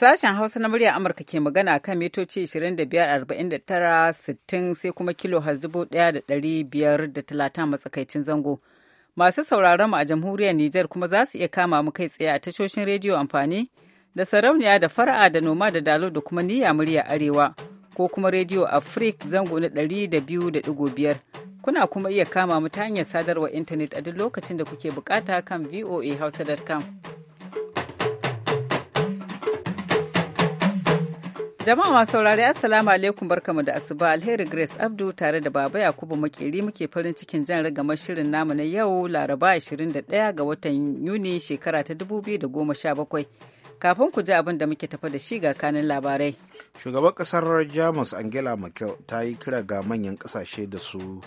Sashen Hausa na murya Amurka ke magana kan mitoci 25,49,60 sai kuma kilo talata matsakaicin zango. Masu sauraron mu a jamhuriyar Nijar kuma za su iya kama mu kai tsaye a tashoshin rediyo amfani da sarauniya da fara'a da noma da dalo da kuma niyya murya arewa ko kuma rediyo Afrik zango na ɗari da da biyu biyar kuna kuma iya kama mu ta hanyar sadarwar intanet a duk lokacin da kuke bukata kan voahausa.com. Jama'a masu saurari Assalamu alaikum barkamu da asuba alheri Grace Abdu tare da Baba Yakubu Makeri muke farin cikin jan ragamar shirin namu na yau Laraba 21 ga watan Yuni shekara ta 2017. Kafin ku ji abin da muke tafa da shi ga kanin labarai. Shugaban kasar Jamus Angela Merkel ta yi kira ga manyan kasashe da su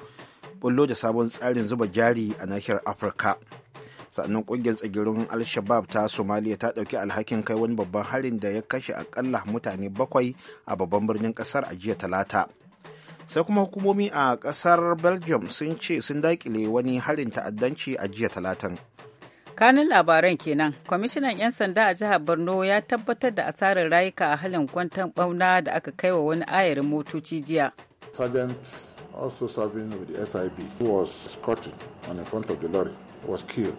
bullo da sabon tsarin zuba jari a nahiyar Afirka. sannan kungiyar tsagirin al-shabab ta somaliya ta dauki alhakin kai wani babban harin da ya kashe akalla mutane bakwai a babban birnin kasar a jiya talata sai kuma hukumomi a kasar belgium sun ce sun dakile wani harin ta'addanci a jiya talatan kanin labaran kenan kwamishinan 'yan sanda a jihar borno ya tabbatar da asarar rayuka a halin kwantan bauna da aka kai wa wani ayarin motoci jiya also serving with the sib who was escorted on the front of the lorry was killed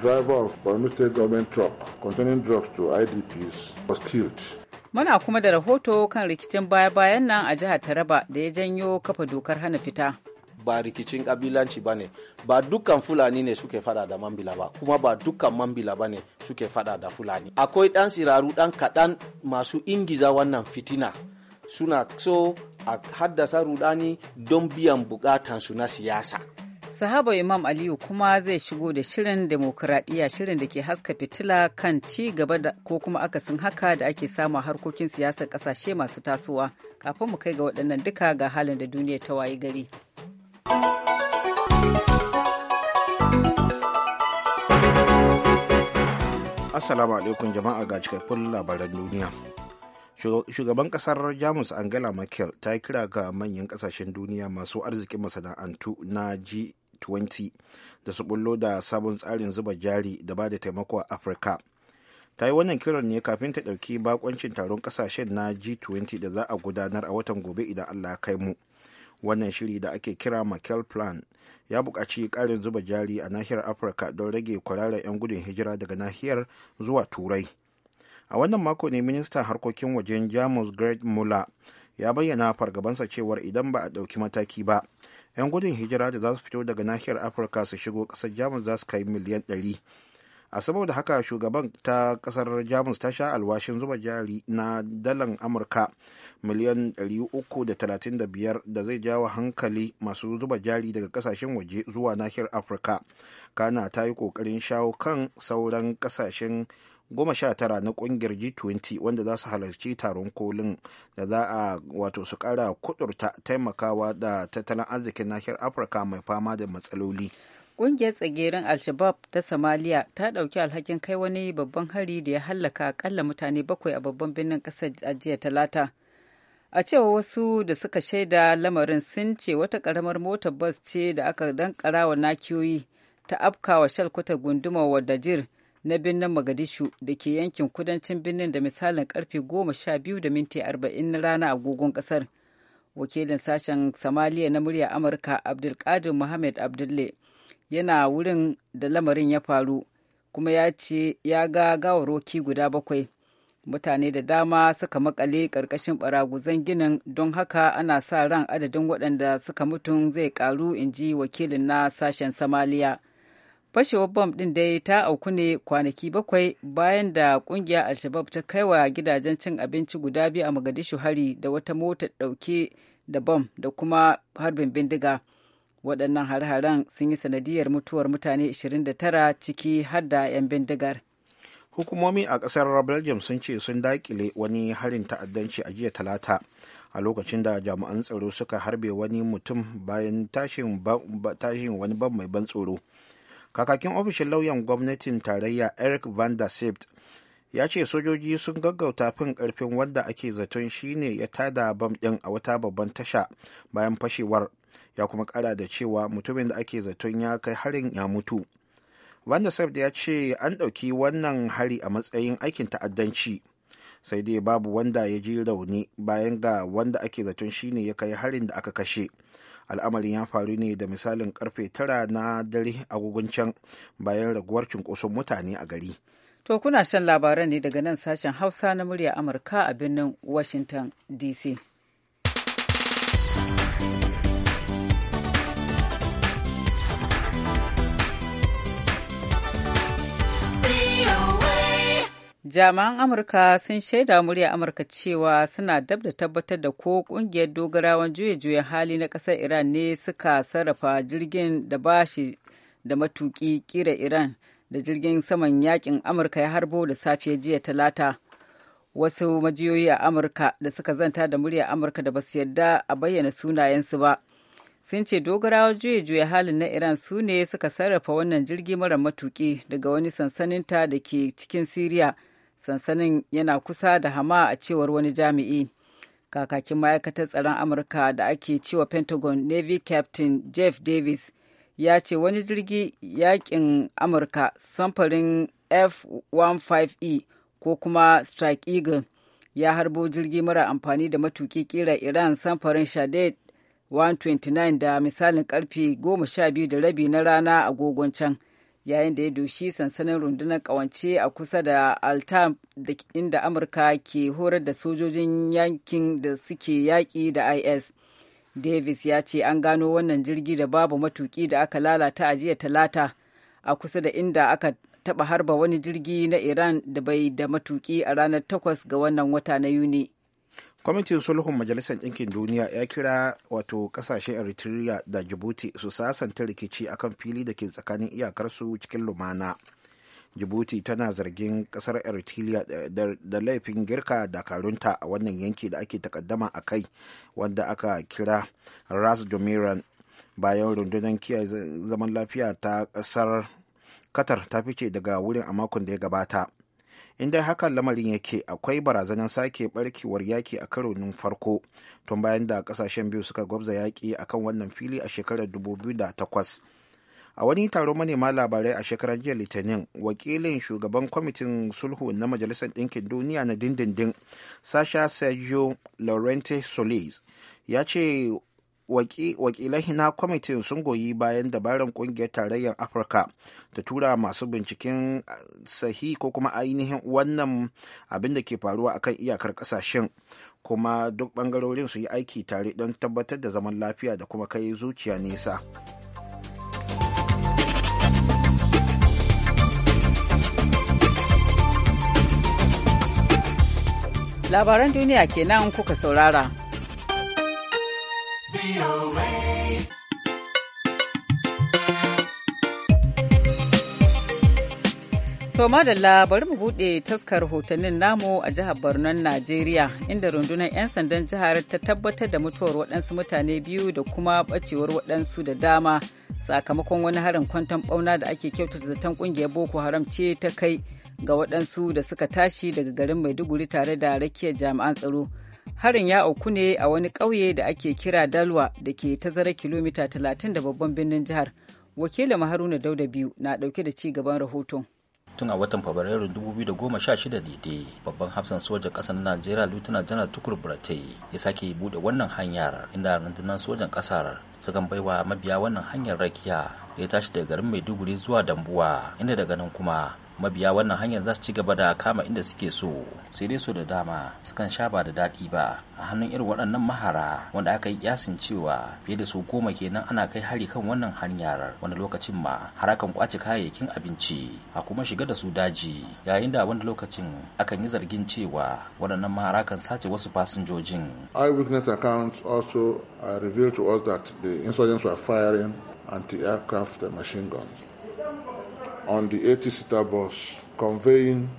driver of Borno State government truck containing drugs to IDPs was killed. Muna kuma da rahoto kan rikicin baya-bayan nan a jihar Taraba da ya janyo kafa dokar hana fita. Ba rikicin kabilanci ba ne, ba dukkan Fulani ne suke fada da Mambila ba, kuma ba dukkan Mambila ba ne suke fada da Fulani. Akwai ɗan siraru ɗan kaɗan masu ingiza wannan fitina suna so a haddasa rudani don biyan bukatansu na siyasa. Sahaba Imam Aliyu kuma zai shigo da shirin demokuraɗiyya shirin da ke haska fitila kan ci gaba ko kuma akasin haka da ake samu a harkokin siyasar ƙasashe masu tasowa. Kafin mu kai ga waɗannan duka ga halin da duniya ta wayi gari. Assalamu alaikum jama'a ga cikakkun labaran duniya. shugaban kasar jamus angela merkel ta yi kira ga manyan kasashen duniya masu arzikin masana'antu na ji. 20 da su bullo da sabon tsarin zuba jari da ba da taimako a afirka ta yi wannan kiran ne kafin ta ɗauki bakoncin taron ƙasashen na g20 da za a gudanar a watan gobe idan allah kai mu wannan shiri da ake kira makel plan ya buƙaci ƙarin zuba jari a nahiyar afirka don rage kwararar 'yan gudun hijira daga nahiyar zuwa turai a wannan mako ne ministan harkokin wajen jamus greg muller ya bayyana fargabansa cewar idan ba a ɗauki mataki ba 'yan gudun hijira da za su fito daga nahiyar afirka su shigo kasar jamus za su kai miliyan 100 a saboda haka shugaban ta kasar jamus ta sha alwashin zuba jari na dalan amurka miliyan 335 da zai jawo hankali masu zuba jari daga kasashen waje zuwa nahiyar afirka kana ta yi kokarin shawo kan sauran kasashen goma sha tara na kungiyar g20 wanda za su halarci taron kolin da za a wato su kara kudurta taimakawa da tattalin arzikin nahiyar afirka mai fama da matsaloli kungiyar tsagerin al-shabab ta somalia ta dauki alhakin kai wani babban hari da ya hallaka akalla mutane bakwai a babban birnin kasar a talata a cewa wasu da suka shaida lamarin sun ce wata karamar motar bas ce da aka dankarawa nakiyoyi ta afkawa shalkwata gunduma wa dajir na birnin Magadishu da ke yankin kudancin birnin da misalin karfe goma sha biyu da minti arba'in na rana agogon kasar. Wakilin sashen samaliya na murya Amurka Abdulkadir Muhammad Abdulle yana wurin da lamarin ya faru kuma ya ce ya ga gawaroki guda bakwai. Mutane da dama suka makale ƙarƙashin baraguzan ginin don haka ana sa ran adadin waɗanda suka mutum zai ƙaru in ji wakilin na sashen samaliya. fashewar bom din dai ta auku ne kwanaki bakwai bayan da ƙungiyar alshabab ta kai wa gidajen cin abinci guda biyu a mogadishu hari da wata mota dauke da bom da kuma harbin bindiga waɗannan har-haren sun yi sanadiyar mutuwar mutane 29 ciki har da 'yan bindigar hukumomi a ƙasar belgium sun ce sun daƙile wani harin ta'addanci a jiya talata a lokacin da jami'an tsaro suka harbe wani mutum bayan tashin wani ban mai ban tsoro kakakin ofishin lauyan gwamnatin tarayya eric van der sept ya ce sojoji sun gaggauta fin karfin wanda ake zaton shine ya tada bam din a wata babban tasha bayan fashewar ya kuma kara da cewa mutumin da ake zaton ya kai harin ya mutu van der sept ya ce an ɗauki wannan hari a matsayin aikin ta'addanci sai dai babu wanda ya ji rauni bayan ga wanda ake zaton shine ya kai harin da aka kashe. al'amarin ya faru ne da misalin karfe tara na dare agogon can bayan raguwar cunkoson mutane a gari to kuna shan labaran ne daga nan sashen hausa na murya amurka a birnin washington dc jami'an amurka sun shaida murya amurka cewa suna dab da tabbatar da ko kungiyar dogarawan juya juyen hali na kasar iran ne suka sarrafa jirgin da ba shi da matuki kira iran da jirgin saman yakin amurka ya harbo da safiya jiya talata wasu majiyoyi a amurka da suka zanta da murya amurka da basu yarda a bayyana sunayensu ba sun ce dogarawa juye-juye halin na iran su ne suka sarrafa wannan jirgi mara matuki daga wani sansaninta da ke cikin siriya sansanin yana kusa da hama a cewar wani jami'i kakakin ma'aikatar tsaron amurka da ake cewa pentagon navy captain jeff davis ya ce wani jirgi yakin amurka samfurin f-15e ko kuma strike eagle ya harbo jirgi mara amfani da matuki kira iran samfurin shadid 129 da misalin karfe 12 da rabi na rana agogon can yayin da ya doshi sansanin rundunar kawance a kusa da altam inda amurka ke horar da sojojin yankin da suke yaƙi da is davis ya ce an gano wannan jirgi da babu matuƙi da aka lalata a jiya talata a kusa da inda aka taɓa harba wani jirgi na iran da bai da matuƙi a ranar 8 ga wannan wata na yuni kwamitin sulhun majalisar ɗinkin duniya ya kira wato ƙasashen eritrea da jibuti su sasanta rikici akan fili da ke tsakanin iyakarsu cikin lumana jibuti tana zargin ƙasar eritrea da laifin girka dakarunta a wannan yanki da ake takaddama a kai wanda aka kira ras domiran bayan rundunar kiyaye zaman lafiya ta ƙasar katar ta fice daga wurin a makon da ya gabata in dai haka lamarin yake akwai barazanar sake barkewar yaki a karonin farko tun bayan da kasashen biyu suka gwabza yaki a kan wannan fili a shekarar 2008 a wani taron manema labarai a shekarar jiya litinin wakilin shugaban kwamitin sulhu na majalisar ɗinkin duniya na dindindin sasha sergio laurenti solis ya ce wakilai na kwamitin sun goyi bayan dabarar kungiyar tarayyar afirka ta tura masu binciken sahi ko kuma ainihin wannan abin da ke faruwa akan iyakar kasashen kuma duk bangarorin su yi aiki tare don tabbatar da zaman lafiya da kuma kai zuciya nesa labaran duniya kenan kuka saurara To madalla bari mu buɗe taskar hotonin namu a jihar Barnon Najeriya inda rundunar 'yan sandan jihar ta tabbatar da mutuwar waɗansu mutane biyu da kuma ɓacewar waɗansu da dama sakamakon wani harin kwanton ɓauna da ake kyautata zaton ƙungiyar Boko Haram ce ta kai ga waɗansu da suka tashi daga garin Maiduguri tare da rakiyar jami'an tsaro. harin ya auku ne a wani ƙauye da ake kira dalwa da ke tazara kilomita 30 da babban birnin jihar wakilin maharuna dauda biyu na dauke da ci gaban rahoton tun a watan fabrairu 2016 daidai babban hafsan sojan ƙasa na najeriya lieutenant janar tukur burate ya sake bude wannan hanyar inda rundunar sojan ƙasar sukan baiwa mabiya wannan hanyar rakiya ya tashi daga garin maiduguri zuwa dambuwa inda daga nan kuma mabiya wannan hanyar za su ci gaba da kama inda suke so sai dai so da dama sukan sha ba da daɗi ba a hannun irin waɗannan mahara wanda aka yi kyasin cewa fiye da su goma kenan ana kai hari kan wannan hanyar wani lokacin ma har akan kwace kayayyakin abinci a kuma shiga da su daji yayin da wani lokacin akan yi zargin cewa waɗannan mahara kan sace wasu fasinjojin eyewitness accounts also uh, reveal to us that the insurgents were firing anti-aircraft machine guns on the 80 seater bus conveying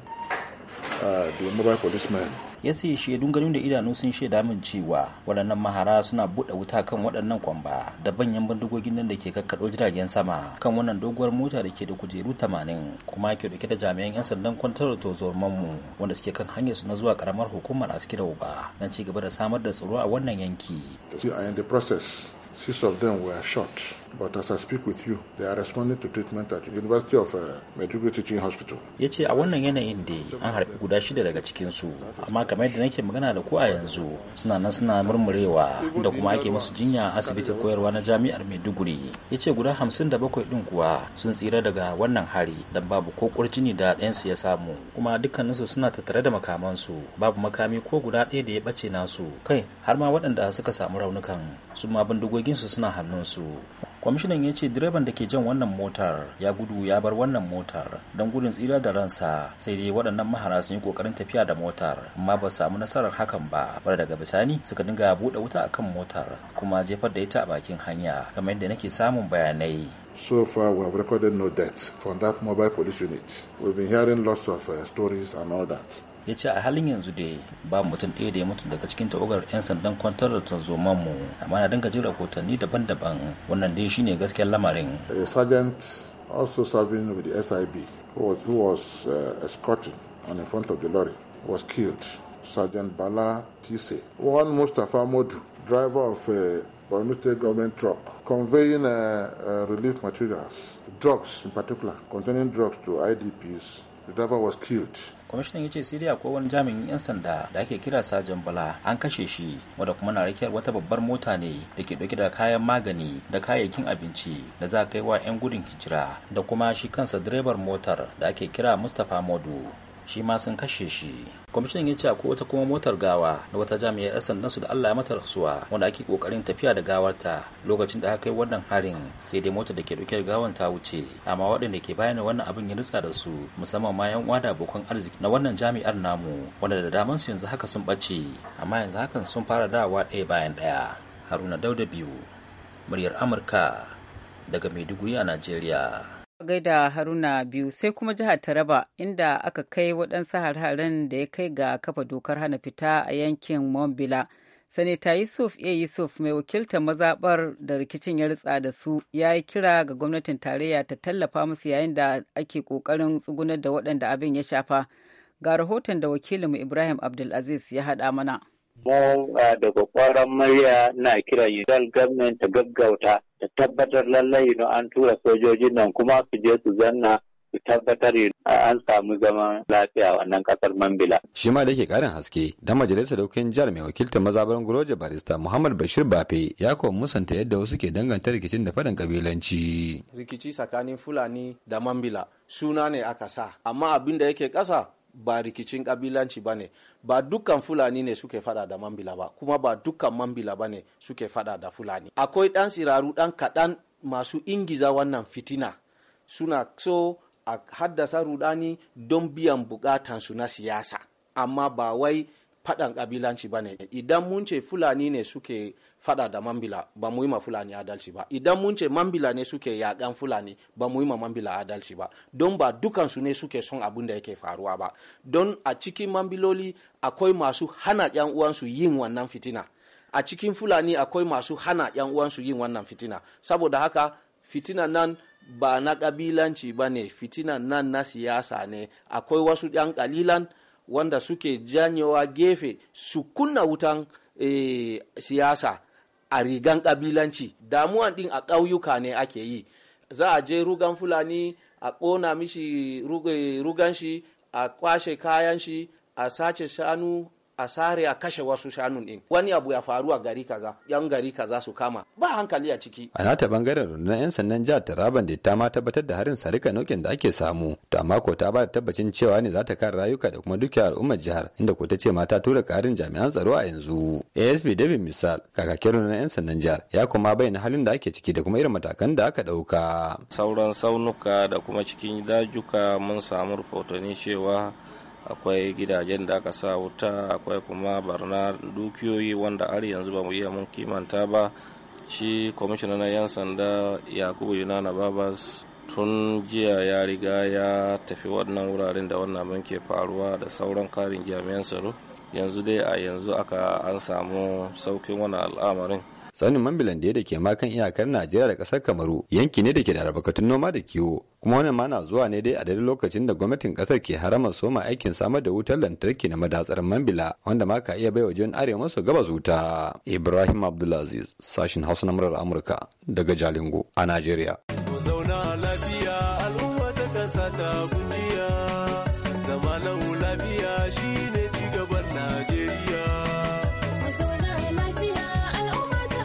uh, the mobile policemen. ya ce shaidun ganin da idanu sun shaida min cewa waɗannan mahara suna buɗe wuta kan waɗannan kwamba da banyan bindigogin nan da ke kakkaɗo jiragen sama kan wannan doguwar mota da ke da kujeru 80 kuma ke dauke da jami'an 'yan sandan kwantar da mu wanda suke kan hanyar su na zuwa karamar hukumar uba na ci gaba da samar da tsaro a wannan yanki. Uh, the process six of shot But as I speak with you, they are responding to treatment at the University of uh, Medjugorje Teaching Hospital. Ya ce a wannan yanayin da an harbi guda shida daga cikinsu, amma kamar yadda nake magana da ku a yanzu suna nan suna murmurewa da kuma ake musu jinya a asibitin koyarwa na jami'ar Maiduguri. Ya ce guda hamsin da bakwai ɗin kuwa sun tsira daga wannan hari don babu ko kurjini da ɗayansu ya samu, kuma dukkaninsu suna tattare da makamansu babu makami ko guda ɗaya da ya ɓace nasu kai har ma waɗanda suka samu raunukan su ma bindigoginsu suna hannunsu kwamishinan ya ce direban da ke jan wannan motar ya gudu ya bar wannan motar don gudun tsira da ransa sai dai waɗannan mahara sun yi ƙoƙarin tafiya da motar amma ba samu nasarar hakan ba bar daga bisani suka dinga buɗe wuta a kan motar kuma jefar da ita a bakin hanya kamar yadda nake samun bayanai So far, we have recorded no deaths from that mobile police unit. We've been hearing lots of uh, stories and all that. ya ce a halin yanzu ba mutum ɗaya da ya mutu daga cikin tawagar 'yan sandan kwantar da mu amma na jin rahotanni daban-daban wannan dai shine gaskiyar lamarin a sergeant also serving with the sib who was, who was uh, escorting on in front of the lorry was killed sergeant bala tise one Mustafa modu driver of a Borno State government truck conveying uh, uh, relief materials, drugs in particular, containing drugs to IDPs The driver was killed. kwamishinan ya ce sai dai akwai wani jami'in 'yan sanda da ake kira sajan bala an kashe shi wanda kuma na rakiyar wata babbar mota ne da ke dauke da kayan magani da kayayyakin abinci da za a kai wa 'yan gudun hijira da kuma shi kansa direbar motar da ake kira mustapha modu shi ma sun kashe shi kwamishinan ya ce akwai wata kuma motar gawa na wata jami'ar yan su da allah ya mata rasuwa wanda ake kokarin tafiya da gawarta lokacin da aka kai wannan harin sai dai motar da ke dauke da gawan ta wuce amma waɗanda ke bayan wannan abin ya nutsa da su musamman ma yan da abokan arziki na wannan jami'ar namu wanda da daman su yanzu haka sun ɓace amma yanzu hakan sun fara dawa ɗaya bayan ɗaya haruna dauda biyu muryar amurka daga maiduguri a najeriya da haruna biyu sai kuma jihar taraba inda aka kai waɗansu har-haren da ya kai ga kafa dokar hana fita a yankin mombila sanita yusuf a yusuf mai wakiltar mazaɓar da rikicin ya ritsa da su ya yi kira ga gwamnatin tarayya ta tallafa musu yayin da ake kokarin tsugunar da waɗanda abin ya shafa ga rahoton da wakilinmu ibrahim abdulaziz ya haɗa mana mu ah, daga kwaron murya na kira Yudal gamin ta gaggauta ta tabbatar lallai yi an tura sojojin nan kuma su je su zanna su tabbatar an samu zaman lafiya wannan kasar Mambila. Shi ma da yake karin haske da majalisar dokokin jihar mai wakiltar mazabaran Guroje Barista Muhammad Bashir Bafe ya kuma musanta yadda wasu ke danganta rikicin da faɗin kabilanci. Rikici tsakanin Fulani da Mambila suna ne aka sa amma abin da yake ƙasa ba rikicin kabilanci ba ne ba dukkan fulani ne suke fada da mambila ba kuma ba dukkan mambila ba ne suke fada da fulani akwai ɗan tsiraru ɗan kaɗan masu ingiza wannan fitina suna so a haddasa rudani don biyan bukatansu na siyasa amma ba wai faɗan ƙabilanci ba ne idan mun ce fulani ne suke faɗa da mambila ba mu yi ma fulani adalci ba idan mun ce mambila ne suke yaƙan fulani ba mu yi ma mambila adalci ba don ba dukansu ne suke son abin da yake faruwa ba don a cikin mambiloli akwai masu hana yan uwansu yin wannan fitina a cikin fulani akwai masu hana yan uwansu yin wannan fitina saboda haka fitina nan ba na ƙabilanci ba ne fitina nan na siyasa ne akwai wasu yan ƙalilan wanda suke janyewa gefe su kunna wutan e, siyasa a rigan kabilanci damuwan din a ƙauyuka ne ake yi za a je rugan fulani a ƙona mishi rugan shi a kwashe kayan shi a sace shanu a sare a kashe wasu shanun din wani abu ya faru a gari kaza yan gari kaza su kama ba hankali a ciki a nata bangaren rundunar yan sandan jihar taraban da ta ma tabbatar da harin sarika nokin da ake samu to amma ko ta ba da tabbacin cewa ne za ta kare rayuka da kuma dukiyar al'ummar jihar inda ko ta ce ma ta tura karin jami'an tsaro a yanzu asb david misal kakakin rundunar yan sandan jihar ya kuma bayyana halin da ake ciki da kuma irin matakan da aka dauka sauran saunuka da kuma cikin dajuka mun samu rahotanni cewa akwai gidajen da aka sa wuta akwai kuma barna dukiyoyi wanda har yanzu ba mu iya mun kimanta ba shi kwamishina na 'yan sanda yakubu yunana babas tun jiya ya riga ya tafi wannan wuraren da wannan abin ke faruwa da sauran karin jami'an tsaro yanzu dai a yanzu aka an samu saukin wani al'amarin Tsaunin Mambilan da ke makan iyakar Najeriya da ƙasar Kamaru yanki ne da ke da rabakatun noma da kiwo. Kuma wannan ma na zuwa ne dai a daidai lokacin da gwamnatin ƙasar ke harama soma aikin samar da wutar lantarki na madatsar Mambila wanda ma ka iya wa jiyon arewa maso gabas wuta. Ibrahim Abdulaziz, sashin Hausa na murar Amurka daga Jalingo a Najeriya.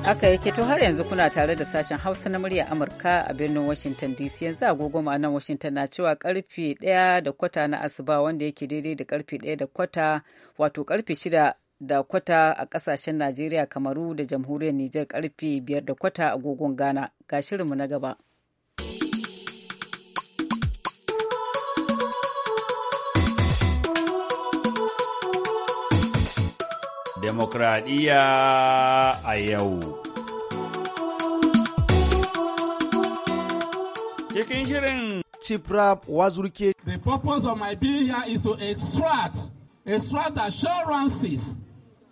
Haka yake to har yanzu kuna tare da sashen Hausa na murya Amurka a birnin Washington DC yanzu agogo nan Washington na cewa karfe ɗaya da kwata na asuba wanda yake daidai da karfe ɗaya da kwata wato karfe shida da kwata a kasashen Najeriya, Kamaru da jamhuriyar Nijar karfe biyar da kwata agogon Ghana. Ga shirinmu na gaba. demokradiyya a yau. Cikin shirin Chiprap Wazurke. The purpose of my being here is to extract, extract assurances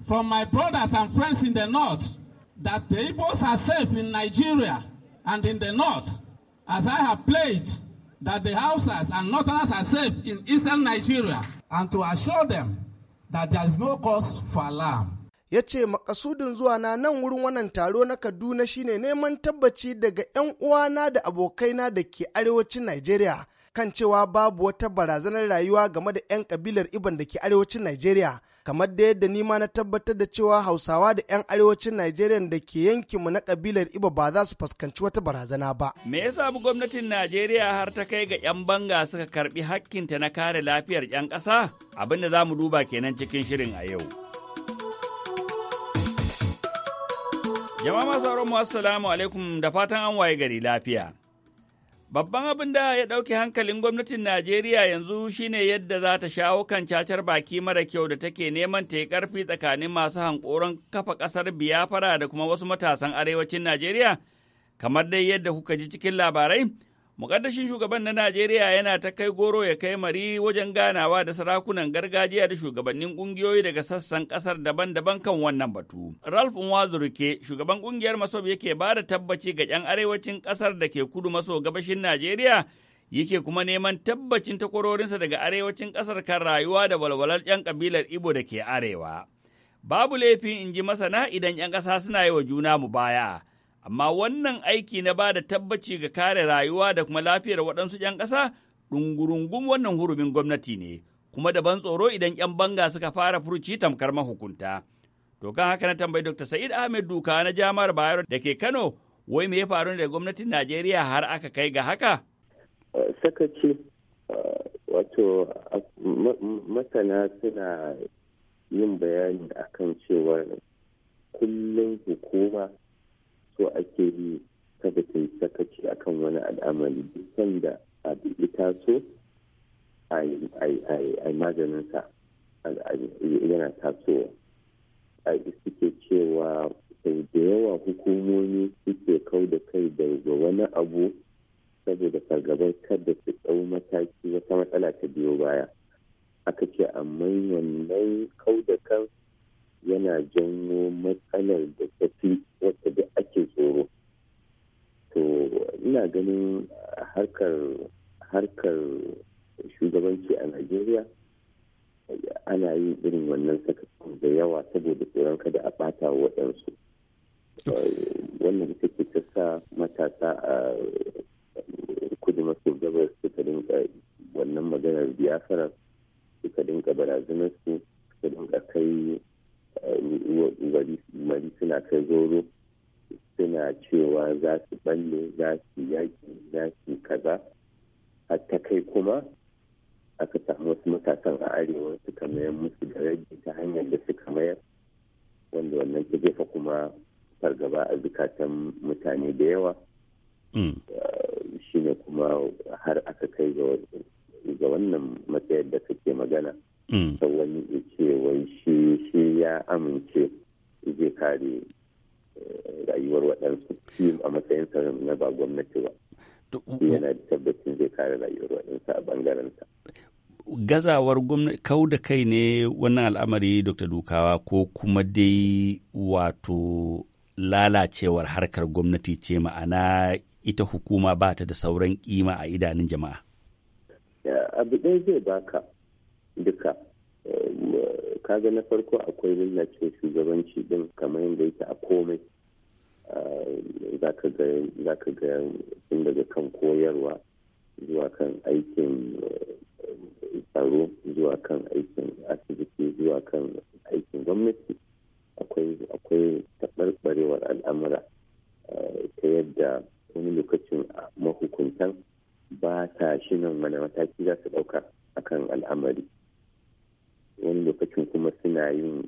from my brothers and friends in the north that the Igbos are safe in Nigeria and in the north, as I have pledged that the Hausas and Northerners are safe in eastern Nigeria, and to assure them that there is no cause for alarm. ya ce makasudin zuwa na nan wurin wannan taro na kaduna shine neman tabbaci daga 'yan uwana da abokaina da ke arewacin najeriya kan cewa babu wata barazanar rayuwa game da 'yan kabilar Iban da ke arewacin Najeriya, kamar da yadda nima na tabbatar da cewa Hausawa da 'yan arewacin Najeriya da ke yankinmu na kabilar Iba ba za su fuskanci wata barazana ba. Me ya yasa gwamnatin Najeriya har ta kai ga 'yan banga suka karbi hakkinta na kare lafiyar 'yan ƙasa? Abin da za mu duba kenan cikin shirin a yau. Jama'a masu auren mu assalamu alaikum da fatan an waye gari lafiya. Babban abin da ya ɗauke hankalin gwamnatin Najeriya yanzu shine yadda za ta shawo kan cacar baki mara kyau da take neman ta yi ƙarfi tsakanin masu hankoron kafa ƙasar Biyafara da kuma wasu matasan arewacin Najeriya, kamar dai yadda kuka ji cikin labarai. Mukaddashin shugaban na Najeriya yana ta kai goro ya kai mari wajen ganawa da sarakunan gargajiya da shugabannin ƙungiyoyi daga sassan ƙasar daban-daban kan wannan batu. Ralph Nwazurike, shugaban ƙungiyar Masob yake ba da tabbaci ga 'yan arewacin kasar da ke kudu maso gabashin Najeriya yake kuma neman tabbacin takwarorinsa daga arewacin ƙasar kan rayuwa da walwalar 'yan kabilar Ibo da ke arewa. Babu laifi in ji masana idan 'yan ƙasa suna yi wa juna mu baya. amma wannan aiki na ba da tabbaci ga kare rayuwa da kuma lafiyar waɗansu 'yan ƙasa ɗungurungun wannan hurumin gwamnati ne kuma da ban tsoro idan 'yan banga suka fara furuci tamkar mahukunta. To kan haka na tambayi Dr. Sa'id Ahmed Duka na Jami'ar Bayero da ke Kano wai me ya faru da gwamnatin Najeriya har aka kai ga haka? Eh, sakaci eh, wato masana suna yin bayani akan cewar kullum hukuma so ake yi kada ta yi sakaci akan wani al'amari dukkan da a ita so a maganinsa yana tasowa a suke cewa sau da yawa hukumomi suke kau da kai daga wani abu saboda fargabar kada su ɗau mataki wata matsala ta biyo baya aka ce amma wannan kau da kansu yana janyo matsalar da tafi wata da ake tsoro to ina ganin harkar harkar shugabanci a najeriya ana yi irin wannan sakakon da yawa saboda tsoron kada a bata waɗansu wannan da ce ta sa matasa a kudu maso gabas suka dinka wannan maganar biyafarar suka dinka barazanar su suka dinka kai gari suna kai zoro suna cewa za su balle za su yaki za su kaza hatta kai kuma aka samu wasu matasan a arewa suka mayar musu da rage ta hanyar da suka mayar wanda wannan ta jefa kuma fargaba a zukatan mutane da yawa hmm. uh, shine kuma har aka kai ga wannan matsayar da kake magana da mm. wani ya wai shi shi ya amince zai kare eh, rayuwar waɗansu a matsayin sa na ba gwamnati ba yana da tabbacin zai kare rayuwar waɗansu a bangaren sa gazawar gwamnati kau da kai ne wannan al'amari dr dukawa ko kuma dai wato lalacewar harkar gwamnati ce ma'ana ita hukuma ba ta da sauran kima a idanun jama'a abu ɗaya zai baka duka eh, kaga na farko akwai lallacin shugabanci din kamar yadda yake a komai eh, za ka ga tun daga kan koyarwa zuwa kan aikin eh, tsaro zuwa kan aikin asibiti zuwa kan aikin gwamnati akwai taɓarɓarewar al'amura ta yadda wani lokacin mahukuntan ba ta shi nan wani mataki za su ɗauka akan al'amari wani lokacin kuma suna yin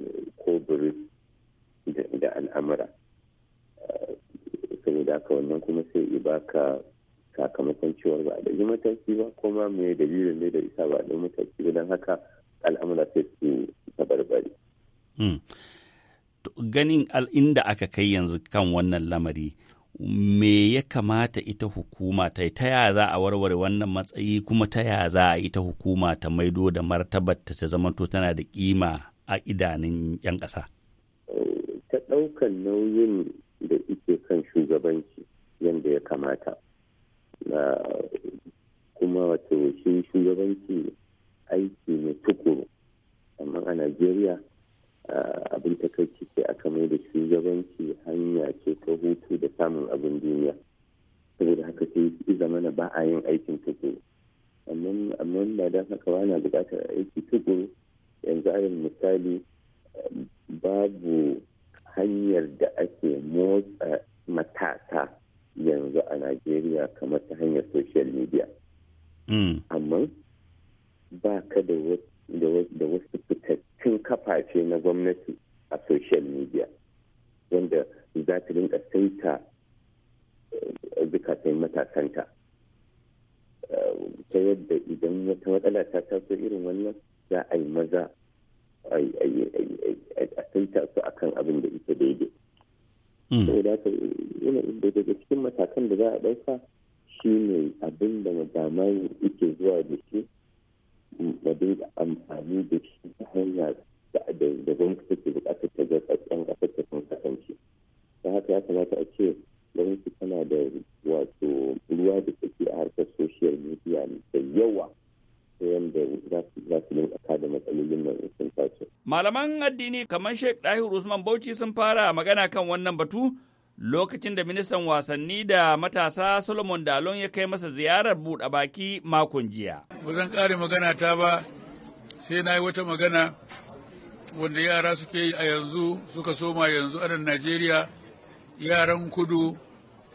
eh, kobiri da al'amura eh, da aka wannan kuma sai i baka sakamakon cewar ba a ɗauki mataki ba kuma mai dalilin ne da isa ba a mataki ba don haka al'amura sai su tabarbari hmm. ganin inda aka kai yanzu kan wannan lamari me ya kamata ita hukuma ta ta ya za a warware wannan matsayi kuma ta ya za a ita hukuma ta maido da martabar ta zamanto tana da kima a idanun 'yan ƙasa. ta ɗaukan nauyin da ike kan shugabanci yadda ya kamata na kuma wato shi shugabanci aiki ne tukuru amma a najeriya abin takaici sai aka mai da shugabanci hanya ce ta hutu da samun abin duniya saboda haka sai na ba a yin aikin tukuru amma ba da haka ba na bukatar aiki tukuru yanzu alal misali babu hanyar da ake motsa matasa yanzu a najeriya kamar ta hanyar social media hmm. na gwamnati Malaman addini kamar Sheikh Dahir Usman Bauchi sun fara magana kan wannan batu lokacin da ministan wasanni da matasa Solomon Dalon ya kai masa ziyarar buɗe baki makon jiya. Ba zan ƙare magana ta ba sai na yi wata magana wanda yara suke yi a yanzu suka soma yanzu a nan Najeriya yaran kudu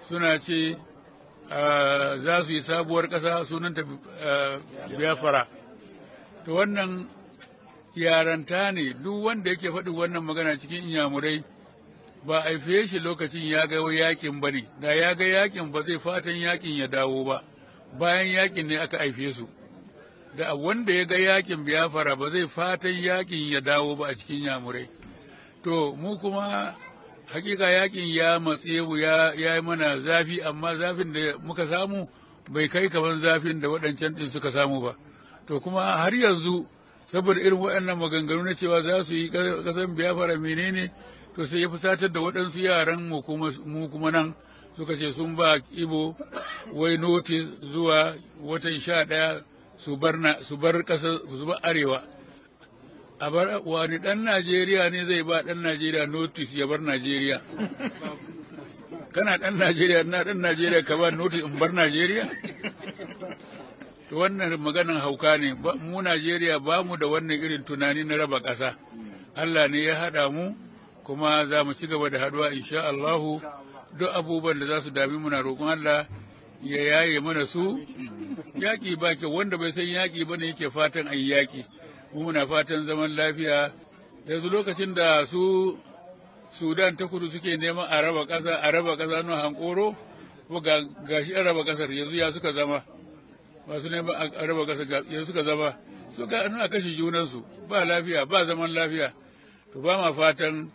suna ce ah, za su yi sabuwar ƙasa sunanta ah, biyafara. To wannan yaranta ne duk wanda yake faɗi wannan magana cikin inyamurai ba a fiye shi lokacin ya ga yakin ba ne da ya ga yakin ba zai fatan yakin ya dawo ba bayan yakin ne aka haife su da wanda ya ga yakin biyafara ba zai fatan yakin ya dawo ba a cikin yamurai to mu kuma hakika yakin ya matse ya yi mana zafi amma zafin da muka samu bai kai kamar zafin da waɗancan ɗin suka samu ba to kuma har yanzu saboda irin waɗannan maganganu na cewa za su yi kasan biyafara menene to sai ya fusatar da waɗansu yaran mu kuma nan suka ce sun ba ibo wai notis zuwa watan sha ɗaya su bar ƙasa su bar arewa a bar wani ɗan najeriya ne zai ba ɗan najeriya notis ya bar najeriya kana ɗan najeriya na ɗan najeriya ka ba notis in bar najeriya wannan maganin hauka ne mu najeriya ba mu da wannan irin tunani na raba ƙasa allah ne ya haɗa mu kuma za mu ci gaba da haɗuwa insha allahu duk abubuwan da za su dami muna roƙon allah ya yaye mana su yaƙi ba ke wanda bai san yaƙi ba ne yake fatan a yi yaƙi muna fatan zaman lafiya yanzu lokacin da su sudan ta kudu suke neman a raba ƙasa a raba ƙasa na hankoro ga shi an raba ƙasar yanzu ya suka zama masu neman a raba kasa yanzu suka zama su nuna kashe junansu ba lafiya ba zaman lafiya to ba ma fatan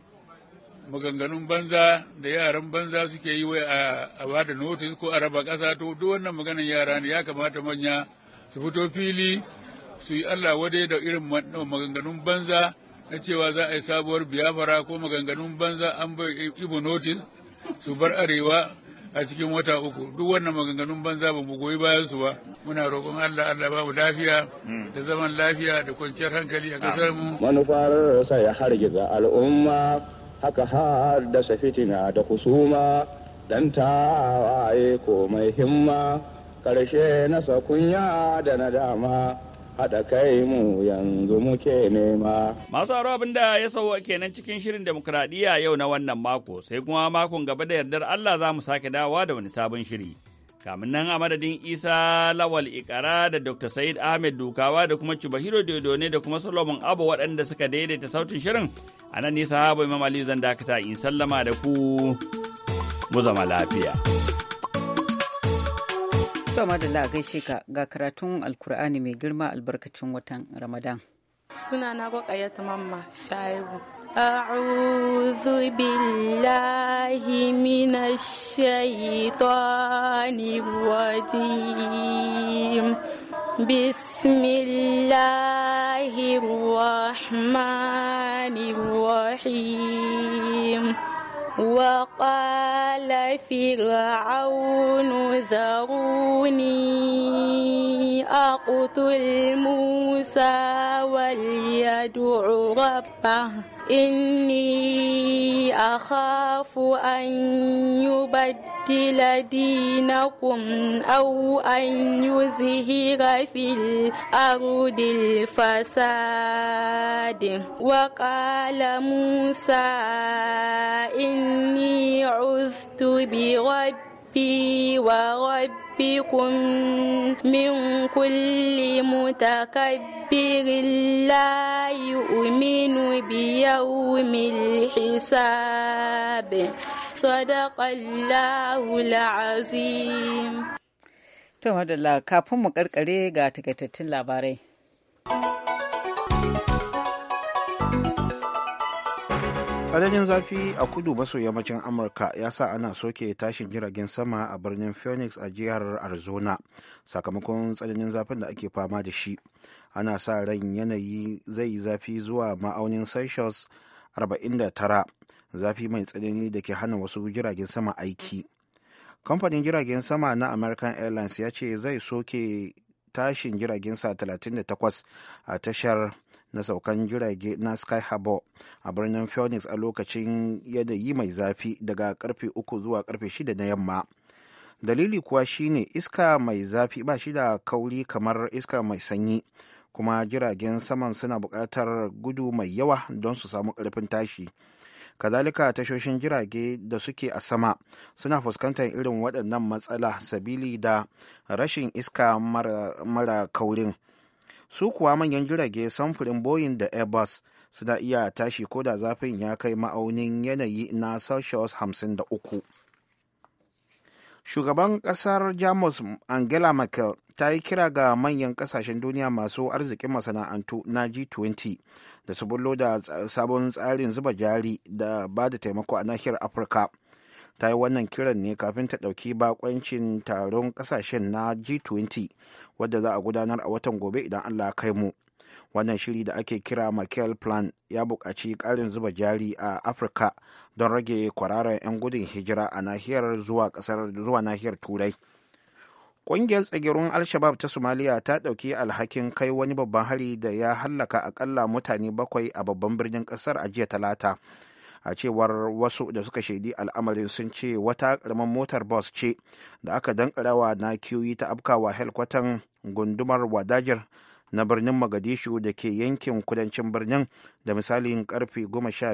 maganganun banza da yaran banza suke yi wai a ba da notis ko a raba kasa to duk wannan maganan yara ne ya kamata manya su fito fili su yi Allah wade da irin maganganun banza na cewa za a yi sabuwar biyafara ko maganganun banza an bai ibo notis su bar arewa a cikin wata uku duk wannan maganganun banza ba mu goyi bayan su ba muna roƙon Allah Allah ba mu lafiya da zaman lafiya da kwanciyar hankali a ƙasar mu manufar ya hargiza al'umma haka har da safitina da kusuma dan ta waye komai himma karshe na sakunya da nadama haɗa kai mu yanzu muke nema. Masu haro abin da ya sauwa kenan cikin shirin demokuraɗiyya yau na wannan mako sai kuma makon gaba da yardar Allah za mu sake dawowa da wani sabon shiri. Kamin nan a madadin Isa Lawal Ikara da Dr. Said Ahmed Dukawa da kuma Cibahiro Dodone da kuma Solomon Abu waɗanda suka daidaita sautin shirin a nan nisa Habu Imam Ali zan dakata in sallama da ku mu zama lafiya. To da a gaishe ka ga karatun Alkur'ani mai girma albarkacin watan Ramadan. Suna na gwakaya ta mamma shaibu. أعوذ بالله من الشيطان الرجيم بسم الله الرحمن الرحيم وقال فرعون ذروني أقتل موسى وليدع ربه إني أخاف أن يبدل دينكم أو أن يزهر في الأرض الفساد وقال موسى إني عذت بربي وربي ربكم من كل متكبر لا يؤمن بيوم الحساب صدق الله العظيم kafin mu karkare ga takaitattun labarai tsananin zafi a kudu maso yammacin amurka ya sa ana soke tashin jiragen sama a birnin phoenix a jihar arizona sakamakon tsananin zafin da ake fama da shi ana sa ran yanayi zai yi zafi zuwa ma'aunin celsius 49 zafi mai tsanani da ke hana wasu jiragen sama aiki kamfanin jiragen sama na american airlines ya ce zai soke tashin jiragen sa 38 a tashar na saukan jirage na sky harbor a birnin phoenix a lokacin yanayi mai zafi daga karfe 3 zuwa karfe 6 na yamma dalili kuwa shine iska mai zafi ba shi da kauri kamar iska mai sanyi kuma jiragen saman suna buƙatar gudu mai yawa don su samu karfin tashi kazalika tashoshin jirage da suke a sama suna fuskantar irin waɗannan matsala sabili da rashin iska mara kaurin su kuwa manyan jirage samfurin boeing da airbus suna iya tashi ko da zafin ya kai ma'aunin yanayi na celsius 53 shugaban kasar jamus angela merkel ta yi kira ga manyan kasashen duniya masu arzikin masana'antu na g20 da su bullo da sabon tsarin zuba jari da ba da taimako a nahiyar afirka ta yi wannan kiran ne kafin ta ɗauki bakoncin taron ƙasashen na g20 wadda za a gudanar a watan gobe idan allah kai mu wannan shiri da ake kira Michael plan ya buƙaci ƙarin zuba jari a afirka don rage kwararar 'yan gudun hijira a nahiyar zuwa zuwa nahiyar turai ƙungiyar tsagirin al-shabab ta somalia ta ɗauki alhakin kai wani babban hari da ya hallaka akalla mutane bakwai a babban birnin ƙasar a jiya talata a cewar wasu da suka shaidi al'amarin sun ce wata karamar motar bus ce da aka dankarawa na kiyoyi ta afkawa helkwatan gundumar wadajir na birnin magadishu da ke yankin kudancin birnin da misalin karfe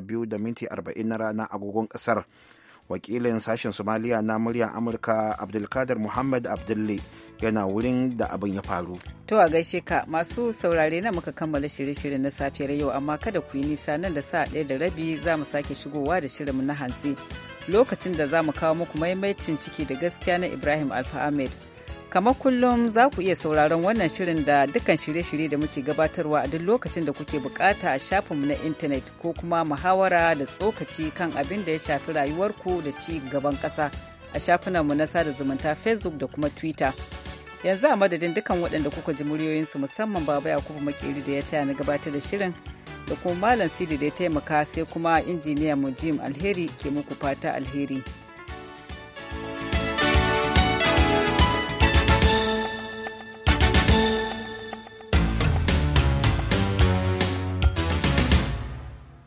biyu da minti arba'in na rana agogon kasar wakilin sashen somaliya na murya amurka abdulkadir muhammad abdulle yana wurin da abin ya faru to a gaishe ka masu saurare na muka kammala shirye-shirye na safiyar yau amma kada ku yi nisa nan da sa ɗaya da rabi za mu sake shigowa da shirinmu na hantsi lokacin da za mu kawo muku maimaicin ciki da gaskiya na ibrahim alfa ahmed kamar kullum za ku iya sauraron wannan shirin da dukkan shirye-shirye da muke gabatarwa a duk lokacin da kuke bukata a shafinmu na intanet ko kuma muhawara da tsokaci kan abin da ya shafi rayuwarku da ci gaban ƙasa a shafinanmu na sada zumunta facebook da kuma twitter yanzu a madadin dukkan waɗanda kuka ji muryoyinsu musamman baba yakubu makeri da ya taya na gabatar da shirin da kuma malam sidi da ya taimaka sai kuma injiniya mu jim alheri ke muku fata alheri